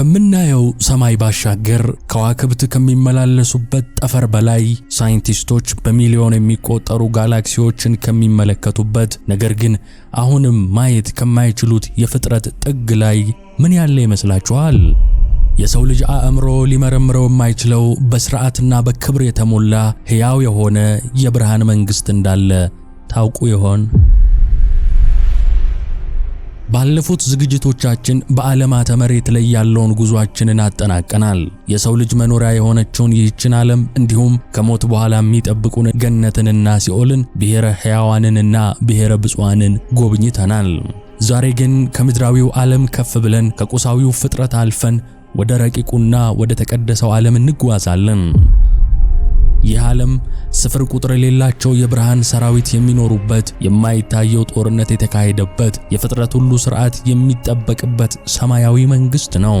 ከምናየው ሰማይ ባሻገር ከዋክብት ከሚመላለሱበት ጠፈር በላይ ሳይንቲስቶች በሚሊዮን የሚቆጠሩ ጋላክሲዎችን ከሚመለከቱበት ነገር ግን አሁንም ማየት ከማይችሉት የፍጥረት ጥግ ላይ ምን ያለ ይመስላችኋል? የሰው ልጅ አእምሮ ሊመረምረው የማይችለው በሥርዓትና በክብር የተሞላ ሕያው የሆነ የብርሃን መንግሥት እንዳለ ታውቁ ይሆን? ባለፉት ዝግጅቶቻችን በዓለማተ መሬት ላይ ያለውን ጉዟችንን አጠናቀናል። የሰው ልጅ መኖሪያ የሆነችውን ይህችን ዓለም እንዲሁም ከሞት በኋላ የሚጠብቁን ገነትንና ሲኦልን፣ ብሔረ ሕያዋንንና ብሔረ ብፁዓንን ጎብኝተናል። ዛሬ ግን ከምድራዊው ዓለም ከፍ ብለን ከቁሳዊው ፍጥረት አልፈን ወደ ረቂቁና ወደ ተቀደሰው ዓለም እንጓዛለን። ይህ ዓለም ስፍር ቁጥር የሌላቸው የብርሃን ሰራዊት የሚኖሩበት፣ የማይታየው ጦርነት የተካሄደበት፣ የፍጥረት ሁሉ ሥርዓት የሚጠበቅበት ሰማያዊ መንግሥት ነው።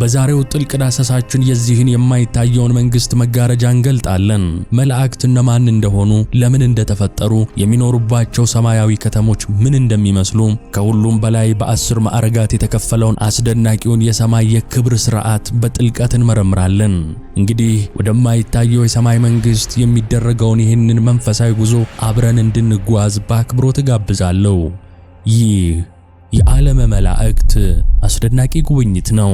በዛሬው ጥልቅ ዳሰሳችን የዚህን የማይታየውን መንግስት መጋረጃ እንገልጣለን። መላእክት እነማን እንደሆኑ፣ ለምን እንደተፈጠሩ፣ የሚኖሩባቸው ሰማያዊ ከተሞች ምን እንደሚመስሉ፣ ከሁሉም በላይ በአስር ማዕረጋት የተከፈለውን አስደናቂውን የሰማይ የክብር ስርዓት በጥልቀት እንመረምራለን። እንግዲህ ወደማይታየው የሰማይ መንግስት የሚደረገውን ይህንን መንፈሳዊ ጉዞ አብረን እንድንጓዝ በአክብሮት እጋብዛለሁ። ይህ የዓለመ መላእክት አስደናቂ ጉብኝት ነው።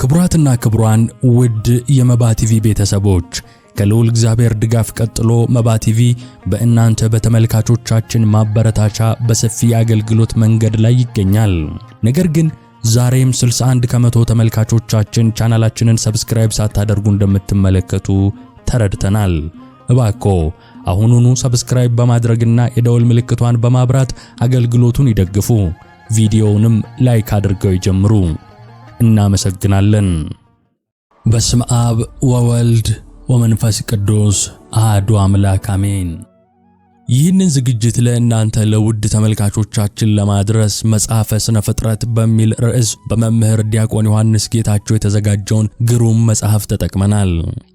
ክቡራትና ክቡራን ውድ የመባ ቲቪ ቤተሰቦች ከልዑል እግዚአብሔር ድጋፍ ቀጥሎ መባ ቲቪ በእናንተ በተመልካቾቻችን ማበረታቻ በሰፊ የአገልግሎት መንገድ ላይ ይገኛል። ነገር ግን ዛሬም 61 ከመቶ ተመልካቾቻችን ቻናላችንን ሰብስክራይብ ሳታደርጉ እንደምትመለከቱ ተረድተናል። እባኮ አሁኑኑ ሰብስክራይብ በማድረግና የደወል ምልክቷን በማብራት አገልግሎቱን ይደግፉ። ቪዲዮውንም ላይክ አድርገው ይጀምሩ። እናመሰግናለን። በስመ አብ ወወልድ ወመንፈስ ቅዱስ አሐዱ አምላክ አሜን። ይህንን ዝግጅት ለእናንተ ለውድ ተመልካቾቻችን ለማድረስ መጽሐፈ ሥነ ፍጥረት በሚል ርዕስ በመምህር ዲያቆን ዮሐንስ ጌታቸው የተዘጋጀውን ግሩም መጽሐፍ ተጠቅመናል።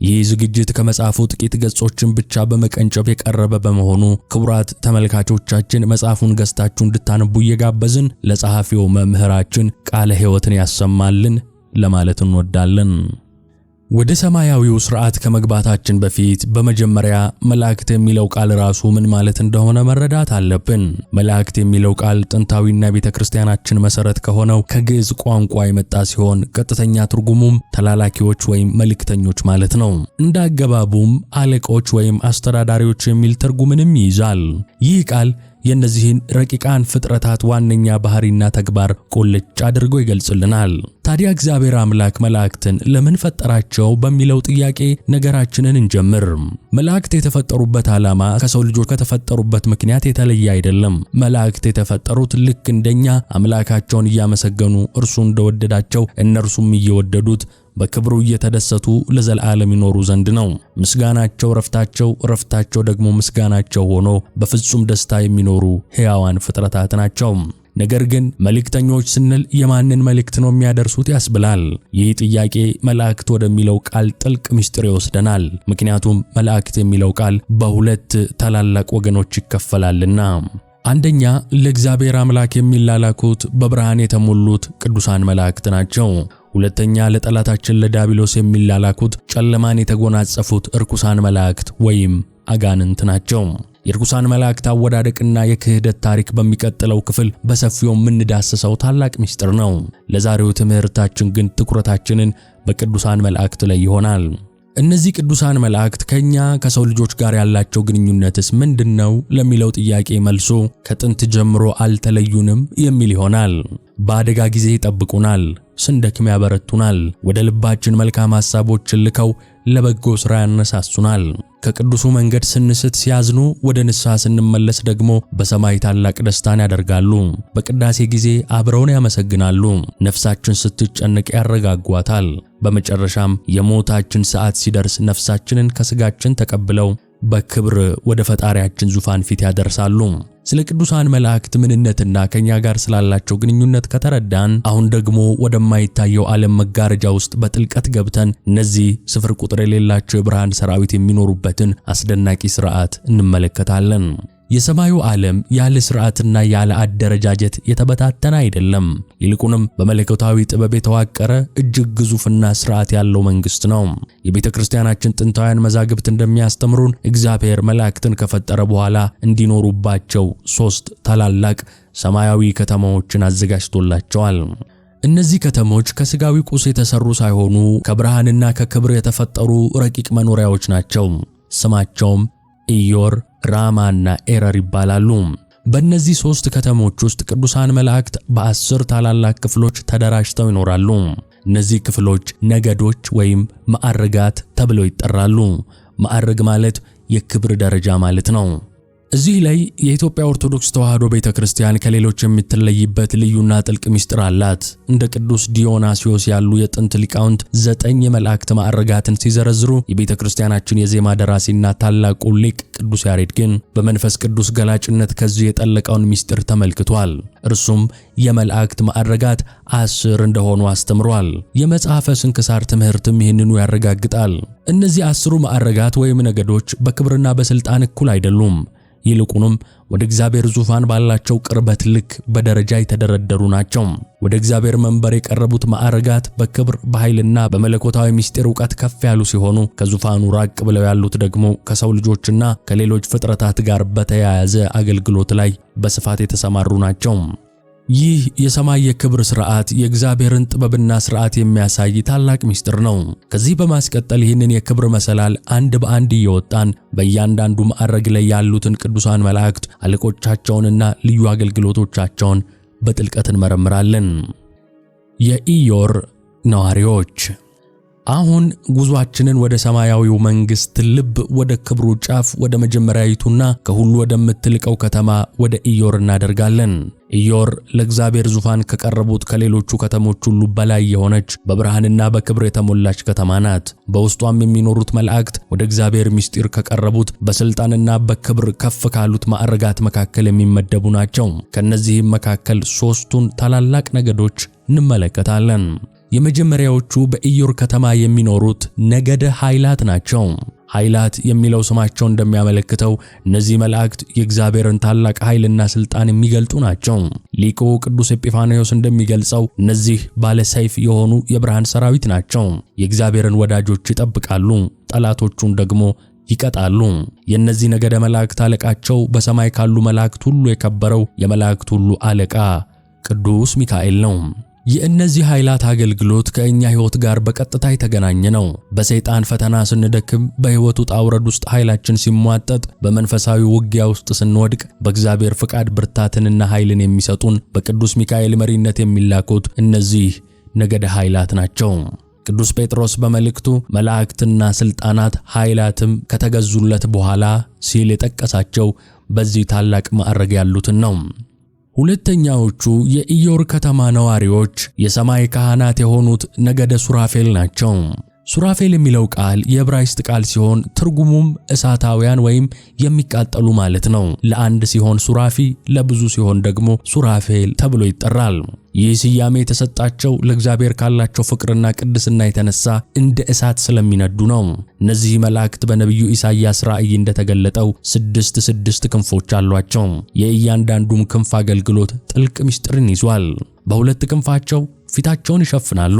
ይህ ዝግጅት ከመጽሐፉ ጥቂት ገጾችን ብቻ በመቀንጨብ የቀረበ በመሆኑ ክቡራት ተመልካቾቻችን መጽሐፉን ገዝታችሁ እንድታነቡ እየጋበዝን ለጸሐፊው መምህራችን ቃለ ሕይወትን ያሰማልን ለማለት እንወዳለን። ወደ ሰማያዊው ሥርዓት ከመግባታችን በፊት በመጀመሪያ መላእክት የሚለው ቃል ራሱ ምን ማለት እንደሆነ መረዳት አለብን። መላእክት የሚለው ቃል ጥንታዊና ቤተ ክርስቲያናችን መሠረት ከሆነው ከግዕዝ ቋንቋ የመጣ ሲሆን ቀጥተኛ ትርጉሙም ተላላኪዎች ወይም መልእክተኞች ማለት ነው። እንደ አገባቡም አለቆች ወይም አስተዳዳሪዎች የሚል ትርጉምንም ይይዛል። ይህ ቃል የእነዚህን ረቂቃን ፍጥረታት ዋነኛ ባህሪና ተግባር ቁልጭ አድርጎ ይገልጽልናል። ታዲያ እግዚአብሔር አምላክ መላእክትን ለምን ፈጠራቸው በሚለው ጥያቄ ነገራችንን እንጀምር። መላእክት የተፈጠሩበት ዓላማ ከሰው ልጆች ከተፈጠሩበት ምክንያት የተለየ አይደለም። መላእክት የተፈጠሩት ልክ እንደኛ አምላካቸውን እያመሰገኑ እርሱ እንደወደዳቸው እነርሱም እየወደዱት በክብሩ እየተደሰቱ ለዘላለም ይኖሩ ዘንድ ነው። ምስጋናቸው ረፍታቸው፣ ረፍታቸው ደግሞ ምስጋናቸው ሆኖ በፍጹም ደስታ የሚኖሩ ሕያዋን ፍጥረታት ናቸው። ነገር ግን መልእክተኞች ስንል የማንን መልእክት ነው የሚያደርሱት ያስብላል። ይህ ጥያቄ መላእክት ወደሚለው ቃል ጥልቅ ምስጢር ይወስደናል። ምክንያቱም መላእክት የሚለው ቃል በሁለት ታላላቅ ወገኖች ይከፈላልና። አንደኛ ለእግዚአብሔር አምላክ የሚላላኩት በብርሃን የተሞሉት ቅዱሳን መላእክት ናቸው። ሁለተኛ ለጠላታችን ለዲያብሎስ የሚላላኩት ጨለማን የተጎናጸፉት እርኩሳን መላእክት ወይም አጋንንት ናቸው። የርኩሳን መላእክት አወዳደቅና የክህደት ታሪክ በሚቀጥለው ክፍል በሰፊው የምንዳስሰው ታላቅ ምስጢር ነው። ለዛሬው ትምህርታችን ግን ትኩረታችንን በቅዱሳን መላእክት ላይ ይሆናል። እነዚህ ቅዱሳን መላእክት ከኛ ከሰው ልጆች ጋር ያላቸው ግንኙነትስ ምንድነው? ለሚለው ጥያቄ መልሱ ከጥንት ጀምሮ አልተለዩንም የሚል ይሆናል። በአደጋ ጊዜ ይጠብቁናል፣ ስንደክም ያበረቱናል፣ ወደ ልባችን መልካም ሐሳቦችን ልከው ለበጎ ሥራ ያነሳሱናል። ከቅዱሱ መንገድ ስንስት ሲያዝኑ፣ ወደ ንስሐ ስንመለስ ደግሞ በሰማይ ታላቅ ደስታን ያደርጋሉ። በቅዳሴ ጊዜ አብረውን ያመሰግናሉ። ነፍሳችን ስትጨነቅ ያረጋጓታል። በመጨረሻም የሞታችን ሰዓት ሲደርስ ነፍሳችንን ከስጋችን ተቀብለው በክብር ወደ ፈጣሪያችን ዙፋን ፊት ያደርሳሉ። ስለ ቅዱሳን መላእክት ምንነትና ከኛ ጋር ስላላቸው ግንኙነት ከተረዳን አሁን ደግሞ ወደማይታየው ዓለም መጋረጃ ውስጥ በጥልቀት ገብተን እነዚህ ስፍር ቁጥር የሌላቸው የብርሃን ሰራዊት የሚኖሩበትን አስደናቂ ሥርዓት እንመለከታለን። የሰማዩ ዓለም ያለ ሥርዓትና ያለ አደረጃጀት የተበታተነ አይደለም፤ ይልቁንም በመለኮታዊ ጥበብ የተዋቀረ እጅግ ግዙፍና ሥርዓት ያለው መንግሥት ነው። የቤተ ክርስቲያናችን ጥንታውያን መዛግብት እንደሚያስተምሩን እግዚአብሔር መላእክትን ከፈጠረ በኋላ እንዲኖሩባቸው ሦስት ታላላቅ ሰማያዊ ከተማዎችን አዘጋጅቶላቸዋል። እነዚህ ከተሞች ከሥጋዊ ቁስ የተሠሩ ሳይሆኑ ከብርሃንና ከክብር የተፈጠሩ ረቂቅ መኖሪያዎች ናቸው። ስማቸውም ኢዮር እና ኤረር ይባላሉ። በእነዚህ ሦስት ከተሞች ውስጥ ቅዱሳን መላእክት በአስር ታላላቅ ክፍሎች ተደራጅተው ይኖራሉ። እነዚህ ክፍሎች ነገዶች ወይም ማዕረጋት ተብለው ይጠራሉ። ማዕረግ ማለት የክብር ደረጃ ማለት ነው። እዚህ ላይ የኢትዮጵያ ኦርቶዶክስ ተዋሕዶ ቤተ ክርስቲያን ከሌሎች የምትለይበት ልዩና ጥልቅ ምስጢር አላት። እንደ ቅዱስ ዲዮናሲዮስ ያሉ የጥንት ሊቃውንት ዘጠኝ የመላእክት ማዕረጋትን ሲዘረዝሩ የቤተ ክርስቲያናችን የዜማ ደራሲና ታላቁ ሊቅ ቅዱስ ያሬድ ግን በመንፈስ ቅዱስ ገላጭነት ከዚህ የጠለቀውን ምስጢር ተመልክቷል። እርሱም የመላእክት ማዕረጋት አስር እንደሆኑ አስተምሯል። የመጽሐፈ ስንክሳር ትምህርትም ይህንኑ ያረጋግጣል። እነዚህ አስሩ ማዕረጋት ወይም ነገዶች በክብርና በስልጣን እኩል አይደሉም። ይልቁንም ወደ እግዚአብሔር ዙፋን ባላቸው ቅርበት ልክ በደረጃ የተደረደሩ ናቸው። ወደ እግዚአብሔር መንበር የቀረቡት ማዕረጋት በክብር በኃይልና በመለኮታዊ ምስጢር እውቀት ከፍ ያሉ ሲሆኑ ከዙፋኑ ራቅ ብለው ያሉት ደግሞ ከሰው ልጆችና ከሌሎች ፍጥረታት ጋር በተያያዘ አገልግሎት ላይ በስፋት የተሰማሩ ናቸው። ይህ የሰማይ የክብር ሥርዓት የእግዚአብሔርን ጥበብና ሥርዓት የሚያሳይ ታላቅ ምስጢር ነው። ከዚህ በማስቀጠል ይህንን የክብር መሰላል አንድ በአንድ እየወጣን በእያንዳንዱ ማዕረግ ላይ ያሉትን ቅዱሳን መላእክት አለቆቻቸውንና ልዩ አገልግሎቶቻቸውን በጥልቀት እንመረምራለን። የኢዮር ነዋሪዎች አሁን ጉዟችንን ወደ ሰማያዊው መንግሥት ልብ፣ ወደ ክብሩ ጫፍ፣ ወደ መጀመሪያዊቱና ከሁሉ ወደምትልቀው ከተማ ወደ ኢዮር እናደርጋለን። ኢዮር ለእግዚአብሔር ዙፋን ከቀረቡት ከሌሎቹ ከተሞች ሁሉ በላይ የሆነች በብርሃንና በክብር የተሞላች ከተማ ናት። በውስጧም የሚኖሩት መላእክት ወደ እግዚአብሔር ምስጢር ከቀረቡት በሥልጣንና በክብር ከፍ ካሉት ማዕረጋት መካከል የሚመደቡ ናቸው። ከእነዚህም መካከል ሦስቱን ታላላቅ ነገዶች እንመለከታለን። የመጀመሪያዎቹ በኢዮር ከተማ የሚኖሩት ነገደ ኃይላት ናቸው። ኃይላት የሚለው ስማቸው እንደሚያመለክተው እነዚህ መላእክት የእግዚአብሔርን ታላቅ ኃይልና ሥልጣን የሚገልጡ ናቸው። ሊቁ ቅዱስ ኤጲፋኔዎስ እንደሚገልጸው እነዚህ ባለ ሰይፍ የሆኑ የብርሃን ሰራዊት ናቸው። የእግዚአብሔርን ወዳጆች ይጠብቃሉ፣ ጠላቶቹን ደግሞ ይቀጣሉ። የእነዚህ ነገደ መላእክት አለቃቸው በሰማይ ካሉ መላእክት ሁሉ የከበረው የመላእክት ሁሉ አለቃ ቅዱስ ሚካኤል ነው። የእነዚህ ኃይላት አገልግሎት ከእኛ ሕይወት ጋር በቀጥታ የተገናኘ ነው። በሰይጣን ፈተና ስንደክም፣ በሕይወት ውጣ ውረድ ውስጥ ኃይላችን ሲሟጠጥ፣ በመንፈሳዊ ውጊያ ውስጥ ስንወድቅ፣ በእግዚአብሔር ፍቃድ ብርታትንና ኃይልን የሚሰጡን በቅዱስ ሚካኤል መሪነት የሚላኩት እነዚህ ነገደ ኃይላት ናቸው። ቅዱስ ጴጥሮስ በመልእክቱ መላእክትና ሥልጣናት ኃይላትም ከተገዙለት በኋላ ሲል የጠቀሳቸው በዚህ ታላቅ ማዕረግ ያሉትን ነው። ሁለተኛዎቹ የኢዮር ከተማ ነዋሪዎች የሰማይ ካህናት የሆኑት ነገደ ሱራፌል ናቸው። ሱራፌል የሚለው ቃል የዕብራይስጥ ቃል ሲሆን ትርጉሙም እሳታውያን ወይም የሚቃጠሉ ማለት ነው። ለአንድ ሲሆን ሱራፊ፣ ለብዙ ሲሆን ደግሞ ሱራፌል ተብሎ ይጠራል። ይህ ስያሜ የተሰጣቸው ለእግዚአብሔር ካላቸው ፍቅርና ቅድስና የተነሳ እንደ እሳት ስለሚነዱ ነው። እነዚህ መላእክት በነቢዩ ኢሳይያስ ራእይ እንደተገለጠው ስድስት ስድስት ክንፎች አሏቸው። የእያንዳንዱም ክንፍ አገልግሎት ጥልቅ ምስጢርን ይዟል። በሁለት ክንፋቸው ፊታቸውን ይሸፍናሉ።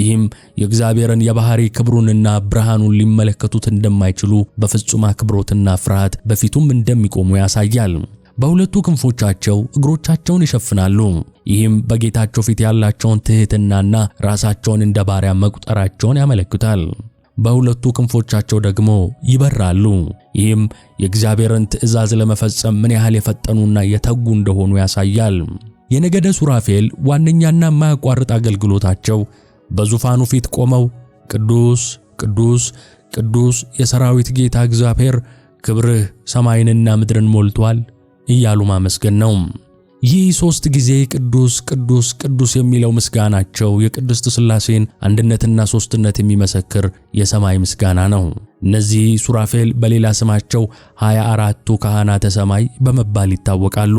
ይህም የእግዚአብሔርን የባህሪ ክብሩንና ብርሃኑን ሊመለከቱት እንደማይችሉ በፍጹም አክብሮትና ፍርሃት በፊቱም እንደሚቆሙ ያሳያል። በሁለቱ ክንፎቻቸው እግሮቻቸውን ይሸፍናሉ። ይህም በጌታቸው ፊት ያላቸውን ትህትናና ራሳቸውን እንደ ባሪያ መቁጠራቸውን ያመለክታል። በሁለቱ ክንፎቻቸው ደግሞ ይበራሉ። ይህም የእግዚአብሔርን ትእዛዝ ለመፈጸም ምን ያህል የፈጠኑና የተጉ እንደሆኑ ያሳያል። የነገደ ሱራፌል ዋነኛና የማያቋርጥ አገልግሎታቸው በዙፋኑ ፊት ቆመው ቅዱስ ቅዱስ ቅዱስ የሰራዊት ጌታ እግዚአብሔር ክብርህ ሰማይንና ምድርን ሞልቷል እያሉ ማመስገን ነው። ይህ ሦስት ጊዜ ቅዱስ ቅዱስ ቅዱስ የሚለው ምስጋናቸው የቅድስት ሥላሴን አንድነትና ሦስትነት የሚመሰክር የሰማይ ምስጋና ነው። እነዚህ ሱራፌል በሌላ ስማቸው ሃያ አራቱ ካህናተ ሰማይ በመባል ይታወቃሉ።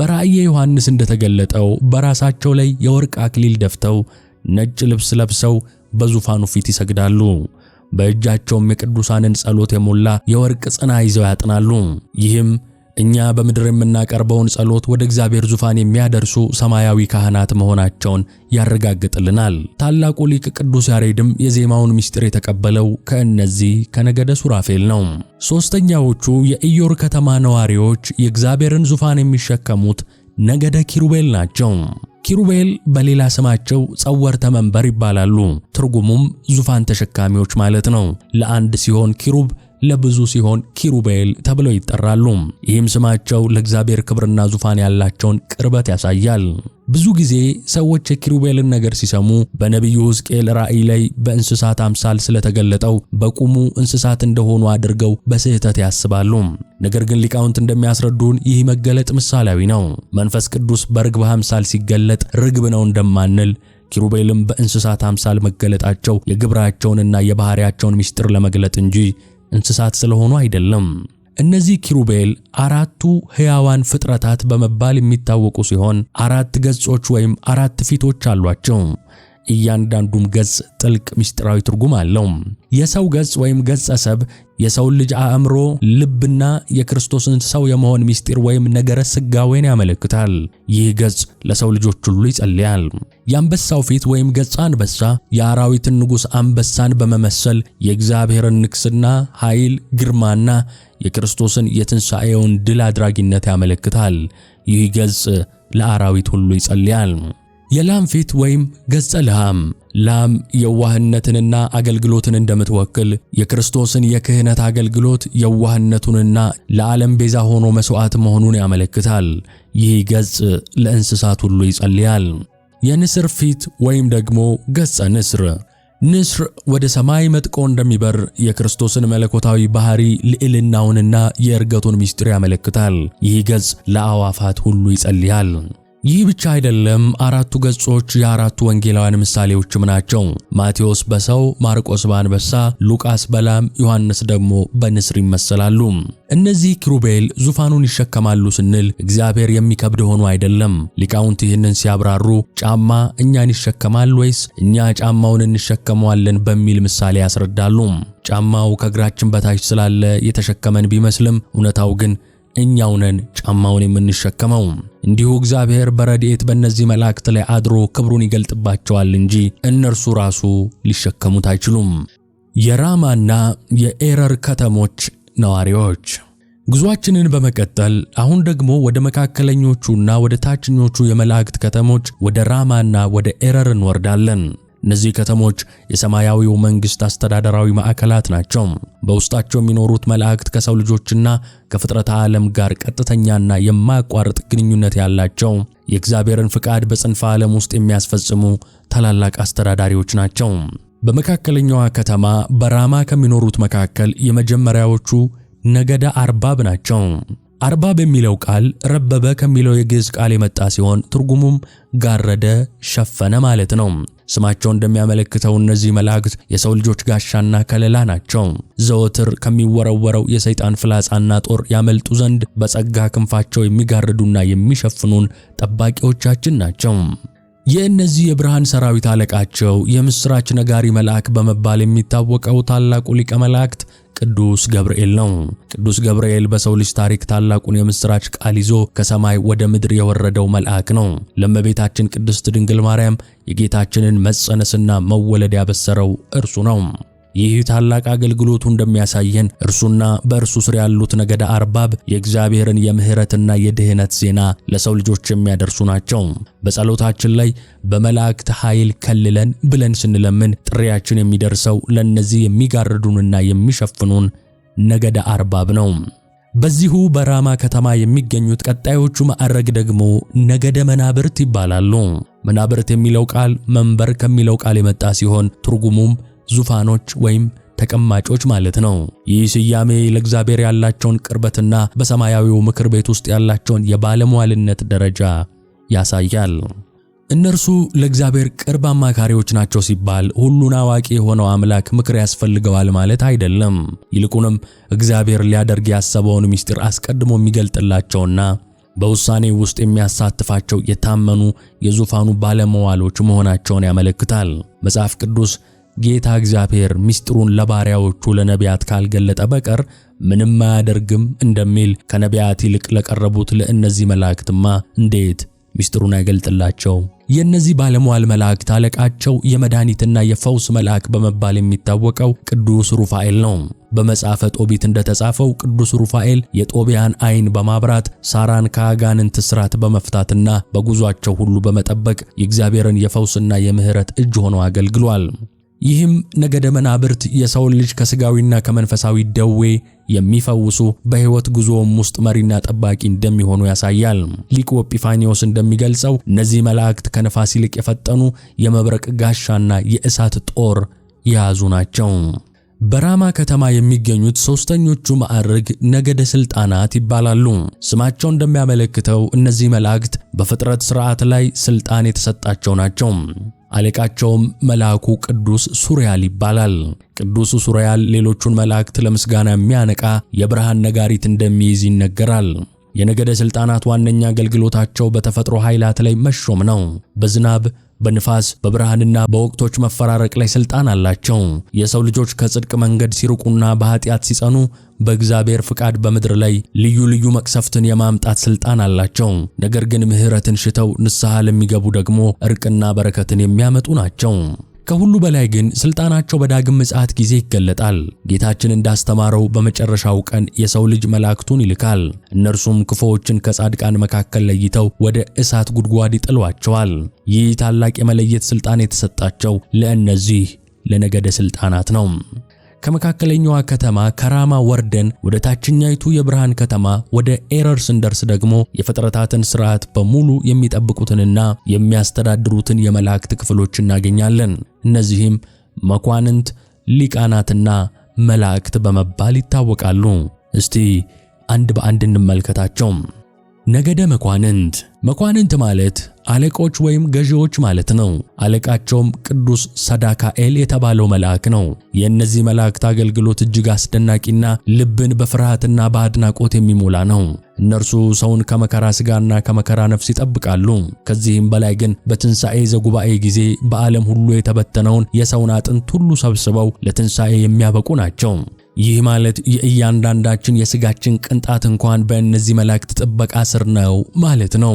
በራእየ ዮሐንስ እንደተገለጠው በራሳቸው ላይ የወርቅ አክሊል ደፍተው ነጭ ልብስ ለብሰው በዙፋኑ ፊት ይሰግዳሉ። በእጃቸውም የቅዱሳንን ጸሎት የሞላ የወርቅ ጽና ይዘው ያጥናሉ። ይህም እኛ በምድር የምናቀርበውን ጸሎት ወደ እግዚአብሔር ዙፋን የሚያደርሱ ሰማያዊ ካህናት መሆናቸውን ያረጋግጥልናል። ታላቁ ሊቅ ቅዱስ ያሬድም የዜማውን ምስጢር የተቀበለው ከእነዚህ ከነገደ ሱራፌል ነው። ሦስተኛዎቹ የኢዮር ከተማ ነዋሪዎች የእግዚአብሔርን ዙፋን የሚሸከሙት ነገደ ኪሩቤል ናቸው። ኪሩቤል በሌላ ስማቸው ጸወርተ መንበር ይባላሉ። ትርጉሙም ዙፋን ተሸካሚዎች ማለት ነው። ለአንድ ሲሆን ኪሩብ ለብዙ ሲሆን ኪሩቤል ተብለው ይጠራሉ። ይህም ስማቸው ለእግዚአብሔር ክብርና ዙፋን ያላቸውን ቅርበት ያሳያል። ብዙ ጊዜ ሰዎች የኪሩቤልን ነገር ሲሰሙ በነቢዩ ሕዝቅኤል ራእይ ላይ በእንስሳት አምሳል ስለተገለጠው በቁሙ እንስሳት እንደሆኑ አድርገው በስህተት ያስባሉ። ነገር ግን ሊቃውንት እንደሚያስረዱን ይህ መገለጥ ምሳሌያዊ ነው። መንፈስ ቅዱስ በርግብ አምሳል ሲገለጥ ርግብ ነው እንደማንል ኪሩቤልም በእንስሳት አምሳል መገለጣቸው የግብራቸውንና የባህሪያቸውን ምስጢር ለመግለጥ እንጂ እንስሳት ስለሆኑ አይደለም። እነዚህ ኪሩቤል አራቱ ሕያዋን ፍጥረታት በመባል የሚታወቁ ሲሆን አራት ገጾች ወይም አራት ፊቶች አሏቸው። እያንዳንዱም ገጽ ጥልቅ ምስጢራዊ ትርጉም አለው። የሰው ገጽ ወይም ገጸ ሰብ የሰውን ልጅ አእምሮ፣ ልብና የክርስቶስን ሰው የመሆን ምስጢር ወይም ነገረ ሥጋዌን ያመለክታል። ይህ ገጽ ለሰው ልጆች ሁሉ ይጸልያል። የአንበሳው ፊት ወይም ገጸ አንበሳ የአራዊትን ንጉሥ አንበሳን በመመሰል የእግዚአብሔርን ንግሥና፣ ኃይል፣ ግርማና የክርስቶስን የትንሣኤውን ድል አድራጊነት ያመለክታል። ይህ ገጽ ለአራዊት ሁሉ ይጸልያል። የላም ፊት ወይም ገጸ ላም ላም የዋህነትንና አገልግሎትን እንደምትወክል የክርስቶስን የክህነት አገልግሎት የዋህነቱንና ለዓለም ቤዛ ሆኖ መሥዋዕት መሆኑን ያመለክታል። ይህ ገጽ ለእንስሳት ሁሉ ይጸልያል። የንስር ፊት ወይም ደግሞ ገጸ ንስር ንስር ወደ ሰማይ መጥቆ እንደሚበር የክርስቶስን መለኮታዊ ባህሪ ልዕልናውንና የእርገቱን ምስጢር ያመለክታል። ይህ ገጽ ለአዋፋት ሁሉ ይጸልያል። ይህ ብቻ አይደለም፤ አራቱ ገጾች የአራቱ ወንጌላውያን ምሳሌዎችም ናቸው። ማቴዎስ በሰው፣ ማርቆስ በአንበሳ፣ ሉቃስ በላም፣ ዮሐንስ ደግሞ በንስር ይመሰላሉ። እነዚህ ኪሩቤል ዙፋኑን ይሸከማሉ ስንል እግዚአብሔር የሚከብድ ሆኖ አይደለም። ሊቃውንት ይህንን ሲያብራሩ ጫማ እኛን ይሸከማል ወይስ እኛ ጫማውን እንሸከመዋለን በሚል ምሳሌ ያስረዳሉ። ጫማው ከእግራችን በታች ስላለ የተሸከመን ቢመስልም እውነታው ግን እኛውነን ጫማውን የምንሸከመው። እንዲሁ እግዚአብሔር በረድኤት በእነዚህ መላእክት ላይ አድሮ ክብሩን ይገልጥባቸዋል እንጂ እነርሱ ራሱ ሊሸከሙት አይችሉም። የራማና የኤረር ከተሞች ነዋሪዎች ጉዟችንን በመቀጠል አሁን ደግሞ ወደ መካከለኞቹና ወደ ታችኞቹ የመላእክት ከተሞች ወደ ራማና ወደ ኤረር እንወርዳለን። እነዚህ ከተሞች የሰማያዊው መንግሥት አስተዳደራዊ ማዕከላት ናቸው። በውስጣቸው የሚኖሩት መላእክት ከሰው ልጆችና ከፍጥረተ ዓለም ጋር ቀጥተኛና የማያቋርጥ ግንኙነት ያላቸው የእግዚአብሔርን ፍቃድ በጽንፈ ዓለም ውስጥ የሚያስፈጽሙ ታላላቅ አስተዳዳሪዎች ናቸው። በመካከለኛዋ ከተማ በራማ ከሚኖሩት መካከል የመጀመሪያዎቹ ነገደ አርባብ ናቸው። አርባብ በሚለው ቃል ረበበ ከሚለው የግዕዝ ቃል የመጣ ሲሆን ትርጉሙም ጋረደ፣ ሸፈነ ማለት ነው። ስማቸው እንደሚያመለክተው እነዚህ መላእክት የሰው ልጆች ጋሻና ከለላ ናቸው። ዘወትር ከሚወረወረው የሰይጣን ፍላጻና ጦር ያመልጡ ዘንድ በጸጋ ክንፋቸው የሚጋርዱና የሚሸፍኑን ጠባቂዎቻችን ናቸው። የእነዚህ የብርሃን ሰራዊት አለቃቸው የምስራች ነጋሪ መልአክ በመባል የሚታወቀው ታላቁ ሊቀ መልአክ ቅዱስ ገብርኤል ነው። ቅዱስ ገብርኤል በሰው ልጅ ታሪክ ታላቁን የምስራች ቃል ይዞ ከሰማይ ወደ ምድር የወረደው መልአክ ነው። ለእመቤታችን ቅድስት ድንግል ማርያም የጌታችንን መጸነስና መወለድ ያበሰረው እርሱ ነው። ይህ ታላቅ አገልግሎቱ እንደሚያሳየን እርሱና በእርሱ ስር ያሉት ነገደ አርባብ የእግዚአብሔርን የምሕረትና የድህነት ዜና ለሰው ልጆች የሚያደርሱ ናቸው። በጸሎታችን ላይ በመላእክት ኃይል ከልለን ብለን ስንለምን ጥሪያችን የሚደርሰው ለእነዚህ የሚጋርዱንና የሚሸፍኑን ነገደ አርባብ ነው። በዚሁ በራማ ከተማ የሚገኙት ቀጣዮቹ ማዕረግ ደግሞ ነገደ መናብርት ይባላሉ። መናብርት የሚለው ቃል መንበር ከሚለው ቃል የመጣ ሲሆን ትርጉሙም ዙፋኖች ወይም ተቀማጮች ማለት ነው። ይህ ስያሜ ለእግዚአብሔር ያላቸውን ቅርበትና በሰማያዊው ምክር ቤት ውስጥ ያላቸውን የባለሟልነት ደረጃ ያሳያል። እነርሱ ለእግዚአብሔር ቅርብ አማካሪዎች ናቸው ሲባል ሁሉን አዋቂ የሆነው አምላክ ምክር ያስፈልገዋል ማለት አይደለም። ይልቁንም እግዚአብሔር ሊያደርግ ያሰበውን ምስጢር አስቀድሞ የሚገልጥላቸውና በውሳኔ ውስጥ የሚያሳትፋቸው የታመኑ የዙፋኑ ባለመዋሎች መሆናቸውን ያመለክታል። መጽሐፍ ቅዱስ ጌታ እግዚአብሔር ምስጢሩን ለባሪያዎቹ ለነቢያት ካልገለጠ በቀር ምንም አያደርግም እንደሚል ከነቢያት ይልቅ ለቀረቡት ለእነዚህ መላእክትማ እንዴት ምስጢሩን አይገልጥላቸው? የእነዚህ ባለሟል መላእክት አለቃቸው የመድኃኒትና የፈውስ መልአክ በመባል የሚታወቀው ቅዱስ ሩፋኤል ነው። በመጽሐፈ ጦቢት እንደተጻፈው ቅዱስ ሩፋኤል የጦቢያን ዓይን በማብራት ሳራን ከአጋንንት እስራት በመፍታትና በጉዟቸው ሁሉ በመጠበቅ የእግዚአብሔርን የፈውስና የምሕረት እጅ ሆኖ አገልግሏል። ይህም ነገደ መናብርት የሰውን ልጅ ከስጋዊና ከመንፈሳዊ ደዌ የሚፈውሱ በሕይወት ጉዞውም ውስጥ መሪና ጠባቂ እንደሚሆኑ ያሳያል። ሊቁ ኤጲፋኒዎስ እንደሚገልጸው እነዚህ መላእክት ከነፋስ ይልቅ የፈጠኑ የመብረቅ ጋሻና የእሳት ጦር የያዙ ናቸው። በራማ ከተማ የሚገኙት ሦስተኞቹ ማዕርግ ነገደ ሥልጣናት ይባላሉ። ስማቸው እንደሚያመለክተው እነዚህ መላእክት በፍጥረት ሥርዓት ላይ ሥልጣን የተሰጣቸው ናቸው። አለቃቸውም መልአኩ ቅዱስ ሱሪያል ይባላል። ቅዱስ ሱሪያል ሌሎቹን መላእክት ለምስጋና የሚያነቃ የብርሃን ነጋሪት እንደሚይዝ ይነገራል። የነገደ ሥልጣናት ዋነኛ አገልግሎታቸው በተፈጥሮ ኃይላት ላይ መሾም ነው። በዝናብ በንፋስ በብርሃንና በወቅቶች መፈራረቅ ላይ ሥልጣን አላቸው። የሰው ልጆች ከጽድቅ መንገድ ሲርቁና በኃጢአት ሲጸኑ በእግዚአብሔር ፍቃድ በምድር ላይ ልዩ ልዩ መቅሰፍትን የማምጣት ሥልጣን አላቸው። ነገር ግን ምሕረትን ሽተው ንስሐ ለሚገቡ ደግሞ ዕርቅና በረከትን የሚያመጡ ናቸው። ከሁሉ በላይ ግን ስልጣናቸው በዳግም ምጽአት ጊዜ ይገለጣል። ጌታችን እንዳስተማረው በመጨረሻው ቀን የሰው ልጅ መላእክቱን ይልካል። እነርሱም ክፉዎችን ከጻድቃን መካከል ለይተው ወደ እሳት ጉድጓድ ይጥሏቸዋል። ይህ ታላቅ የመለየት ስልጣን የተሰጣቸው ለእነዚህ ለነገደ ስልጣናት ነው። ከመካከለኛዋ ከተማ ከራማ ወርደን ወደ ታችኛይቱ የብርሃን ከተማ ወደ ኤረር ስንደርስ ደግሞ የፍጥረታትን ስርዓት በሙሉ የሚጠብቁትንና የሚያስተዳድሩትን የመላእክት ክፍሎች እናገኛለን። እነዚህም መኳንንት፣ ሊቃናትና መላእክት በመባል ይታወቃሉ። እስቲ አንድ በአንድ እንመልከታቸው። ነገደ መኳንንት መኳንንት ማለት አለቆች ወይም ገዢዎች ማለት ነው። አለቃቸውም ቅዱስ ሰዳካኤል የተባለው መልአክ ነው። የእነዚህ መላእክት አገልግሎት እጅግ አስደናቂና ልብን በፍርሃትና በአድናቆት የሚሞላ ነው። እነርሱ ሰውን ከመከራ ሥጋና ከመከራ ነፍስ ይጠብቃሉ። ከዚህም በላይ ግን በትንሣኤ ዘጉባኤ ጊዜ በዓለም ሁሉ የተበተነውን የሰውን አጥንት ሁሉ ሰብስበው ለትንሣኤ የሚያበቁ ናቸው። ይህ ማለት የእያንዳንዳችን የሥጋችን ቅንጣት እንኳን በእነዚህ መላእክት ጥበቃ ስር ነው ማለት ነው።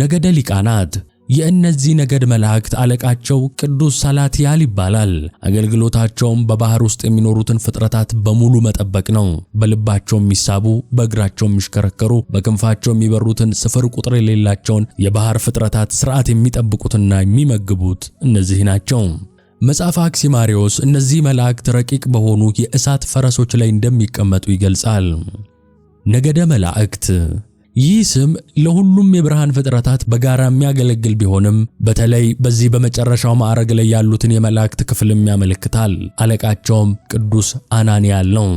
ነገደ ሊቃናት የእነዚህ ነገድ መላእክት አለቃቸው ቅዱስ ሰላትያል ይባላል። አገልግሎታቸውም በባህር ውስጥ የሚኖሩትን ፍጥረታት በሙሉ መጠበቅ ነው። በልባቸው የሚሳቡ፣ በእግራቸው የሚሽከረከሩ፣ በክንፋቸው የሚበሩትን ስፍር ቁጥር የሌላቸውን የባህር ፍጥረታት ስርዓት የሚጠብቁትና የሚመግቡት እነዚህ ናቸው። መጽሐፈ አክሲማሪዎስ እነዚህ መላእክት ረቂቅ በሆኑ የእሳት ፈረሶች ላይ እንደሚቀመጡ ይገልጻል። ነገደ መላእክት ይህ ስም ለሁሉም የብርሃን ፍጥረታት በጋራ የሚያገለግል ቢሆንም በተለይ በዚህ በመጨረሻው ማዕረግ ላይ ያሉትን የመላእክት ክፍልም ያመለክታል። አለቃቸውም ቅዱስ አናንያል ነው።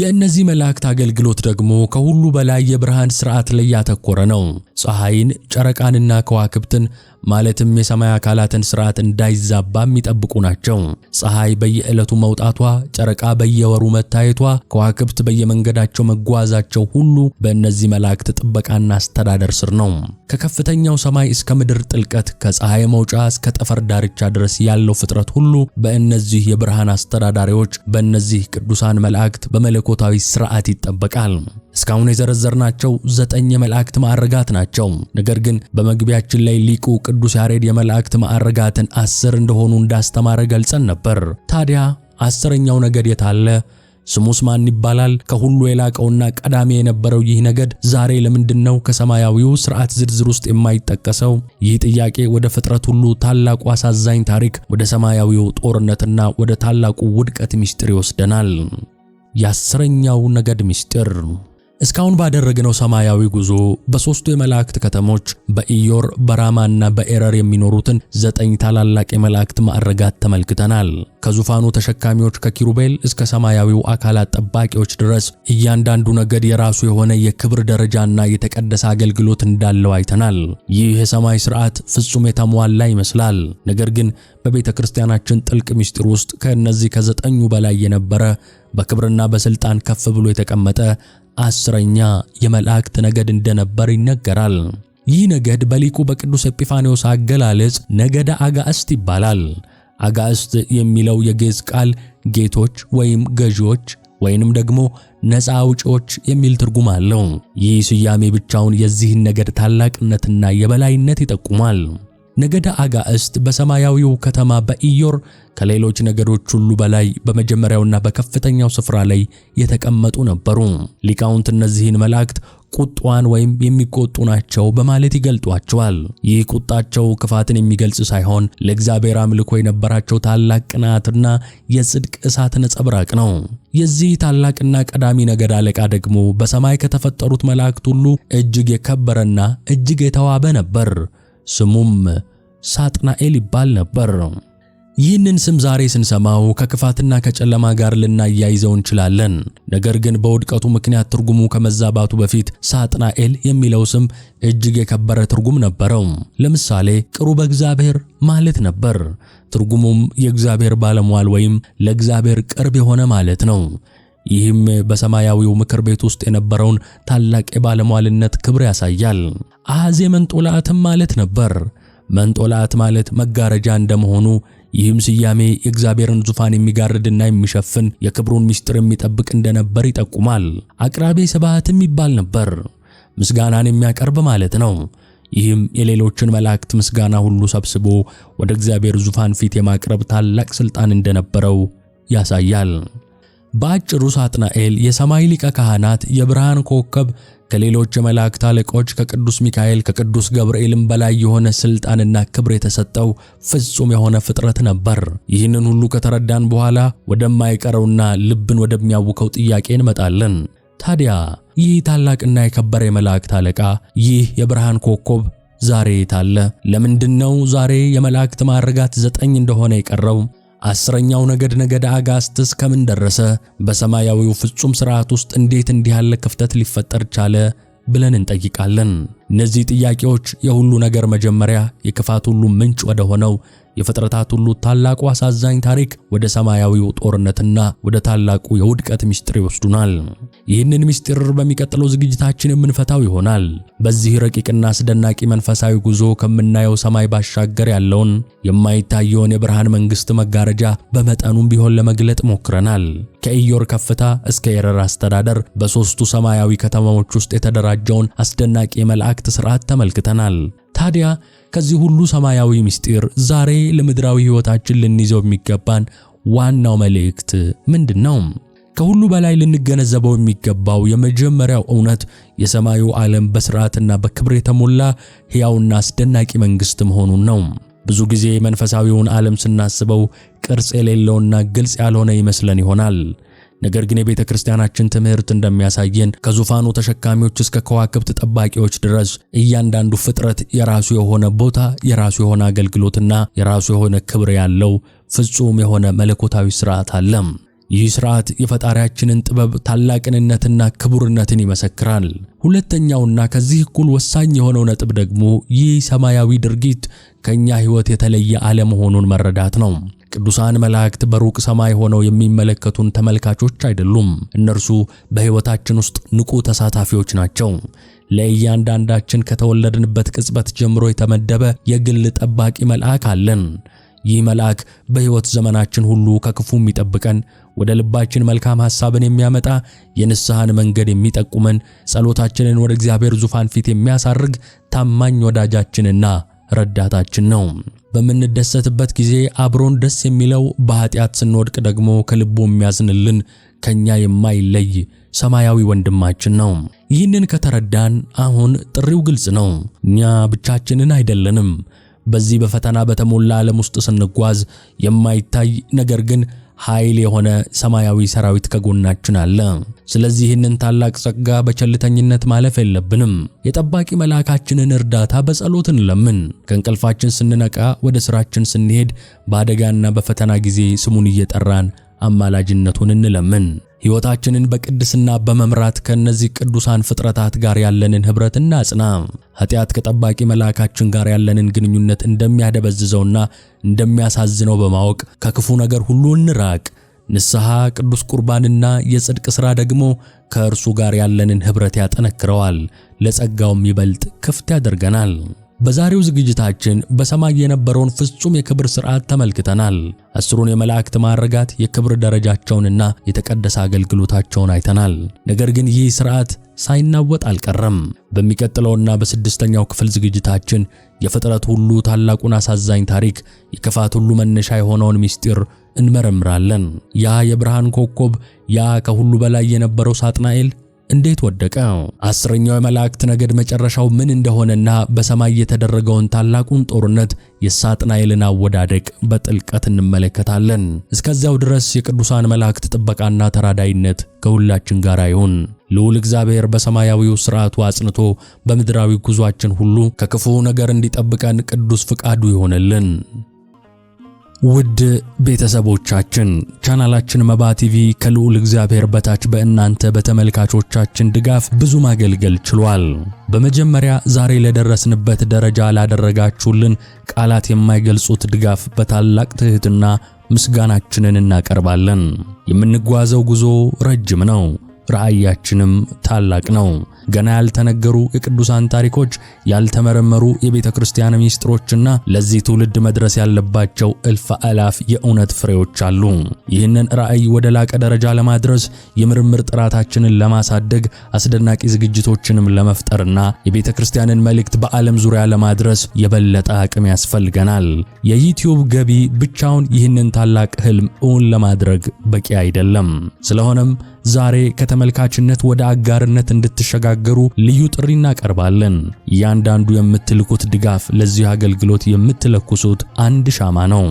የእነዚህ መላእክት አገልግሎት ደግሞ ከሁሉ በላይ የብርሃን ሥርዓት ላይ ያተኮረ ነው። ፀሐይን፣ ጨረቃንና ከዋክብትን ማለትም የሰማይ አካላትን ስርዓት እንዳይዛባ የሚጠብቁ ናቸው። ፀሐይ በየዕለቱ መውጣቷ፣ ጨረቃ በየወሩ መታየቷ፣ ከዋክብት በየመንገዳቸው መጓዛቸው ሁሉ በእነዚህ መላእክት ጥበቃና አስተዳደር ስር ነው። ከከፍተኛው ሰማይ እስከ ምድር ጥልቀት ከፀሐይ መውጫ እስከ ጠፈር ዳርቻ ድረስ ያለው ፍጥረት ሁሉ በእነዚህ የብርሃን አስተዳዳሪዎች፣ በእነዚህ ቅዱሳን መላእክት በመለኮታዊ ስርዓት ይጠበቃል። እስካሁን የዘረዘርናቸው ዘጠኝ የመላእክት ማዕረጋት ናቸው። ነገር ግን በመግቢያችን ላይ ሊቁ ቅዱስ ያሬድ የመላእክት ማዕረጋትን አስር እንደሆኑ እንዳስተማረ ገልጸን ነበር። ታዲያ አስረኛው ነገድ የታለ? ስሙስ ማን ይባላል? ከሁሉ የላቀውና ቀዳሚ የነበረው ይህ ነገድ ዛሬ ለምንድን ነው ከሰማያዊው ሥርዓት ዝርዝር ውስጥ የማይጠቀሰው? ይህ ጥያቄ ወደ ፍጥረት ሁሉ ታላቁ አሳዛኝ ታሪክ፣ ወደ ሰማያዊው ጦርነትና ወደ ታላቁ ውድቀት ምስጢር ይወስደናል። የአስረኛው ነገድ ምስጢር እስካሁን ባደረግነው ሰማያዊ ጉዞ በሦስቱ የመላእክት ከተሞች በኢዮር በራማ እና በኤረር የሚኖሩትን ዘጠኝ ታላላቅ የመላእክት ማዕረጋት ተመልክተናል። ከዙፋኑ ተሸካሚዎች ከኪሩቤል እስከ ሰማያዊው አካላት ጠባቂዎች ድረስ እያንዳንዱ ነገድ የራሱ የሆነ የክብር ደረጃና የተቀደሰ አገልግሎት እንዳለው አይተናል። ይህ የሰማይ ሥርዓት ፍጹም የተሟላ ይመስላል። ነገር ግን በቤተ ክርስቲያናችን ጥልቅ ምስጢር ውስጥ ከእነዚህ ከዘጠኙ በላይ የነበረ በክብርና በሥልጣን ከፍ ብሎ የተቀመጠ አስረኛ የመላእክት ነገድ እንደነበር ይነገራል። ይህ ነገድ በሊቁ በቅዱስ ኤጲፋኔዎስ አገላለጽ ነገደ አጋዕስት ይባላል። አጋእስት የሚለው የግዕዝ ቃል ጌቶች ወይም ገዢዎች ወይንም ደግሞ ነፃ አውጪዎች የሚል ትርጉም አለው። ይህ ስያሜ ብቻውን የዚህን ነገድ ታላቅነትና የበላይነት ይጠቁማል። ነገደ አጋእስት በሰማያዊው ከተማ በኢዮር ከሌሎች ነገዶች ሁሉ በላይ በመጀመሪያውና በከፍተኛው ስፍራ ላይ የተቀመጡ ነበሩ። ሊቃውንት እነዚህን መላእክት ቁጧን ወይም የሚቆጡ ናቸው በማለት ይገልጧቸዋል። ይህ ቁጣቸው ክፋትን የሚገልጽ ሳይሆን ለእግዚአብሔር አምልኮ የነበራቸው ታላቅ ቅናትና የጽድቅ እሳት ነጸብራቅ ነው። የዚህ ታላቅና ቀዳሚ ነገድ አለቃ ደግሞ በሰማይ ከተፈጠሩት መላእክት ሁሉ እጅግ የከበረና እጅግ የተዋበ ነበር። ስሙም ሳጥናኤል ይባል ነበር። ይህንን ስም ዛሬ ስንሰማው ከክፋትና ከጨለማ ጋር ልናያይዘው እንችላለን። ነገር ግን በውድቀቱ ምክንያት ትርጉሙ ከመዛባቱ በፊት ሳጥናኤል የሚለው ስም እጅግ የከበረ ትርጉም ነበረው። ለምሳሌ ቅሩ እግዚአብሔር ማለት ነበር። ትርጉሙም የእግዚአብሔር ባለሟል ወይም ለእግዚአብሔር ቅርብ የሆነ ማለት ነው። ይህም በሰማያዊው ምክር ቤት ውስጥ የነበረውን ታላቅ የባለሟልነት ክብር ያሳያል። አሐዜ መንጦላዕትም ማለት ነበር። መንጦላት ማለት መጋረጃ እንደመሆኑ ይህም ስያሜ የእግዚአብሔርን ዙፋን የሚጋርድና የሚሸፍን የክብሩን ምስጢር የሚጠብቅ እንደነበር ይጠቁማል። አቅራቤ ስብሐትም ይባል ነበር፣ ምስጋናን የሚያቀርብ ማለት ነው። ይህም የሌሎችን መላእክት ምስጋና ሁሉ ሰብስቦ ወደ እግዚአብሔር ዙፋን ፊት የማቅረብ ታላቅ ሥልጣን እንደነበረው ያሳያል። በአጭሩ ሳጥናኤል የሰማይ ሊቀ ካህናት፣ የብርሃን ኮከብ፣ ከሌሎች የመላእክት አለቆች ከቅዱስ ሚካኤል ከቅዱስ ገብርኤልም በላይ የሆነ ሥልጣንና ክብር የተሰጠው ፍጹም የሆነ ፍጥረት ነበር። ይህንን ሁሉ ከተረዳን በኋላ ወደማይቀረውና ልብን ወደሚያውከው ጥያቄ እንመጣለን። ታዲያ ይህ ታላቅና የከበረ የመላእክት አለቃ፣ ይህ የብርሃን ኮከብ ዛሬ የት አለ? ለምንድነው ዛሬ የመላእክት ማርጋት ዘጠኝ እንደሆነ የቀረው? አስረኛው ነገድ ነገደ አጋስትስ ከምን ደረሰ? በሰማያዊው ፍጹም ሥርዓት ውስጥ እንዴት እንዲህ ያለ ክፍተት ሊፈጠር ቻለ? ብለን እንጠይቃለን። እነዚህ ጥያቄዎች የሁሉ ነገር መጀመሪያ፣ የክፋት ሁሉ ምንጭ ወደ ሆነው የፍጥረታት ሁሉ ታላቁ አሳዛኝ ታሪክ ወደ ሰማያዊው ጦርነትና ወደ ታላቁ የውድቀት ምስጢር ይወስዱናል። ይህንን ምስጢር በሚቀጥለው ዝግጅታችን የምንፈታው ይሆናል። በዚህ ረቂቅና አስደናቂ መንፈሳዊ ጉዞ ከምናየው ሰማይ ባሻገር ያለውን የማይታየውን የብርሃን መንግሥት መጋረጃ በመጠኑም ቢሆን ለመግለጥ ሞክረናል። ከኢዮር ከፍታ እስከ ኤረር አስተዳደር በሦስቱ ሰማያዊ ከተማዎች ውስጥ የተደራጀውን አስደናቂ የመላእክት ሥርዓት ተመልክተናል። ታዲያ ከዚህ ሁሉ ሰማያዊ ምስጢር ዛሬ ለምድራዊ ሕይወታችን ልንይዘው የሚገባን ዋናው መልእክት ምንድን ነው? ከሁሉ በላይ ልንገነዘበው የሚገባው የመጀመሪያው እውነት የሰማዩ ዓለም በሥርዓትና በክብር የተሞላ ሕያውና አስደናቂ መንግሥት መሆኑን ነው። ብዙ ጊዜ መንፈሳዊውን ዓለም ስናስበው ቅርጽ የሌለውና ግልጽ ያልሆነ ይመስለን ይሆናል። ነገር ግን የቤተ ክርስቲያናችን ትምህርት እንደሚያሳየን ከዙፋኑ ተሸካሚዎች እስከ ከዋክብት ጠባቂዎች ድረስ እያንዳንዱ ፍጥረት የራሱ የሆነ ቦታ፣ የራሱ የሆነ አገልግሎትና የራሱ የሆነ ክብር ያለው ፍጹም የሆነ መለኮታዊ ሥርዓት አለ። ይህ ሥርዓት የፈጣሪያችንን ጥበብ ታላቅነትና ክቡርነትን ይመሰክራል። ሁለተኛውና ከዚህ እኩል ወሳኝ የሆነው ነጥብ ደግሞ ይህ ሰማያዊ ድርጊት ከእኛ ሕይወት የተለየ አለመሆኑን መረዳት ነው። ቅዱሳን መላእክት በሩቅ ሰማይ ሆነው የሚመለከቱን ተመልካቾች አይደሉም። እነርሱ በሕይወታችን ውስጥ ንቁ ተሳታፊዎች ናቸው። ለእያንዳንዳችን ከተወለድንበት ቅጽበት ጀምሮ የተመደበ የግል ጠባቂ መልአክ አለን። ይህ መልአክ በሕይወት ዘመናችን ሁሉ ከክፉ የሚጠብቀን፣ ወደ ልባችን መልካም ሐሳብን የሚያመጣ፣ የንስሐን መንገድ የሚጠቁመን፣ ጸሎታችንን ወደ እግዚአብሔር ዙፋን ፊት የሚያሳርግ ታማኝ ወዳጃችንና ረዳታችን ነው። በምንደሰትበት ጊዜ አብሮን ደስ የሚለው፣ በኃጢአት ስንወድቅ ደግሞ ከልቡ የሚያዝንልን ከኛ የማይለይ ሰማያዊ ወንድማችን ነው። ይህንን ከተረዳን አሁን ጥሪው ግልጽ ነው። እኛ ብቻችንን አይደለንም። በዚህ በፈተና በተሞላ ዓለም ውስጥ ስንጓዝ የማይታይ ነገር ግን ኃይል የሆነ ሰማያዊ ሰራዊት ከጎናችን አለ። ስለዚህ ይህንን ታላቅ ጸጋ በቸልተኝነት ማለፍ የለብንም። የጠባቂ መልአካችንን እርዳታ በጸሎት እንለምን። ከእንቅልፋችን ስንነቃ፣ ወደ ሥራችን ስንሄድ፣ በአደጋና በፈተና ጊዜ ስሙን እየጠራን አማላጅነቱን እንለምን። ሕይወታችንን በቅድስና በመምራት ከእነዚህ ቅዱሳን ፍጥረታት ጋር ያለንን ኅብረት እናጽና። ኃጢአት ከጠባቂ መልአካችን ጋር ያለንን ግንኙነት እንደሚያደበዝዘውና እንደሚያሳዝነው በማወቅ ከክፉ ነገር ሁሉ እንራቅ። ንስሐ፣ ቅዱስ ቁርባንና የጽድቅ ሥራ ደግሞ ከእርሱ ጋር ያለንን ኅብረት ያጠነክረዋል፣ ለጸጋውም ይበልጥ ክፍት ያደርገናል። በዛሬው ዝግጅታችን በሰማይ የነበረውን ፍጹም የክብር ሥርዓት ተመልክተናል። አስሩን የመላእክት ማዕርጋት፣ የክብር ደረጃቸውንና የተቀደሰ አገልግሎታቸውን አይተናል። ነገር ግን ይህ ሥርዓት ሳይናወጥ አልቀረም። በሚቀጥለውና በስድስተኛው ክፍል ዝግጅታችን የፍጥረት ሁሉ ታላቁን አሳዛኝ ታሪክ፣ የክፋት ሁሉ መነሻ የሆነውን ምስጢር እንመረምራለን። ያ የብርሃን ኮከብ፣ ያ ከሁሉ በላይ የነበረው ሳጥናኤል እንዴት ወደቀ? አስረኛው የመላእክት ነገድ መጨረሻው ምን እንደሆነና በሰማይ የተደረገውን ታላቁን ጦርነት የሳጥናኤልን አወዳደቅ በጥልቀት እንመለከታለን። እስከዚያው ድረስ የቅዱሳን መላእክት ጥበቃና ተራዳይነት ከሁላችን ጋር ይሁን። ልዑል እግዚአብሔር በሰማያዊው ሥርዓቱ አጽንቶ በምድራዊ ጉዟችን ሁሉ ከክፉ ነገር እንዲጠብቀን ቅዱስ ፍቃዱ ይሆንልን። ውድ ቤተሰቦቻችን ቻናላችን መባ ቲቪ ከልዑል እግዚአብሔር በታች በእናንተ በተመልካቾቻችን ድጋፍ ብዙ ማገልገል ችሏል። በመጀመሪያ ዛሬ ለደረስንበት ደረጃ ላደረጋችሁልን ቃላት የማይገልጹት ድጋፍ በታላቅ ትሕትና ምስጋናችንን እናቀርባለን። የምንጓዘው ጉዞ ረጅም ነው። ራእያችንም ታላቅ ነው። ገና ያልተነገሩ የቅዱሳን ታሪኮች፣ ያልተመረመሩ የቤተ ክርስቲያን ሚስጥሮችና ለዚህ ትውልድ መድረስ ያለባቸው እልፍ አላፍ የእውነት ፍሬዎች አሉ። ይህንን ራእይ ወደ ላቀ ደረጃ ለማድረስ የምርምር ጥራታችንን ለማሳደግ፣ አስደናቂ ዝግጅቶችንም ለመፍጠርና የቤተ ክርስቲያንን መልእክት በዓለም ዙሪያ ለማድረስ የበለጠ አቅም ያስፈልገናል። የዩቲዩብ ገቢ ብቻውን ይህንን ታላቅ ህልም እውን ለማድረግ በቂ አይደለም። ስለሆነም ዛሬ ከተመልካችነት ወደ አጋርነት እንድትሸጋገሩ ልዩ ጥሪ እናቀርባለን። እያንዳንዱ የምትልኩት ድጋፍ ለዚህ አገልግሎት የምትለኩሱት አንድ ሻማ ነው።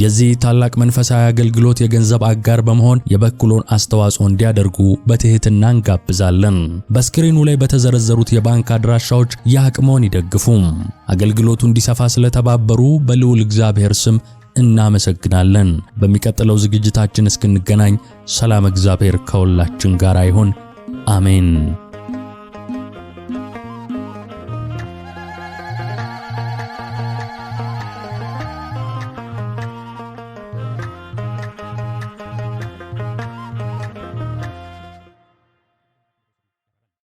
የዚህ ታላቅ መንፈሳዊ አገልግሎት የገንዘብ አጋር በመሆን የበኩሎን አስተዋጽኦ እንዲያደርጉ በትህትና እንጋብዛለን። በስክሪኑ ላይ በተዘረዘሩት የባንክ አድራሻዎች የአቅመውን ይደግፉ። አገልግሎቱ እንዲሰፋ ስለተባበሩ በልዑል እግዚአብሔር ስም እናመሰግናለን። በሚቀጥለው ዝግጅታችን እስክንገናኝ ሰላም፣ እግዚአብሔር ከሁላችን ጋር ይሁን። አሜን።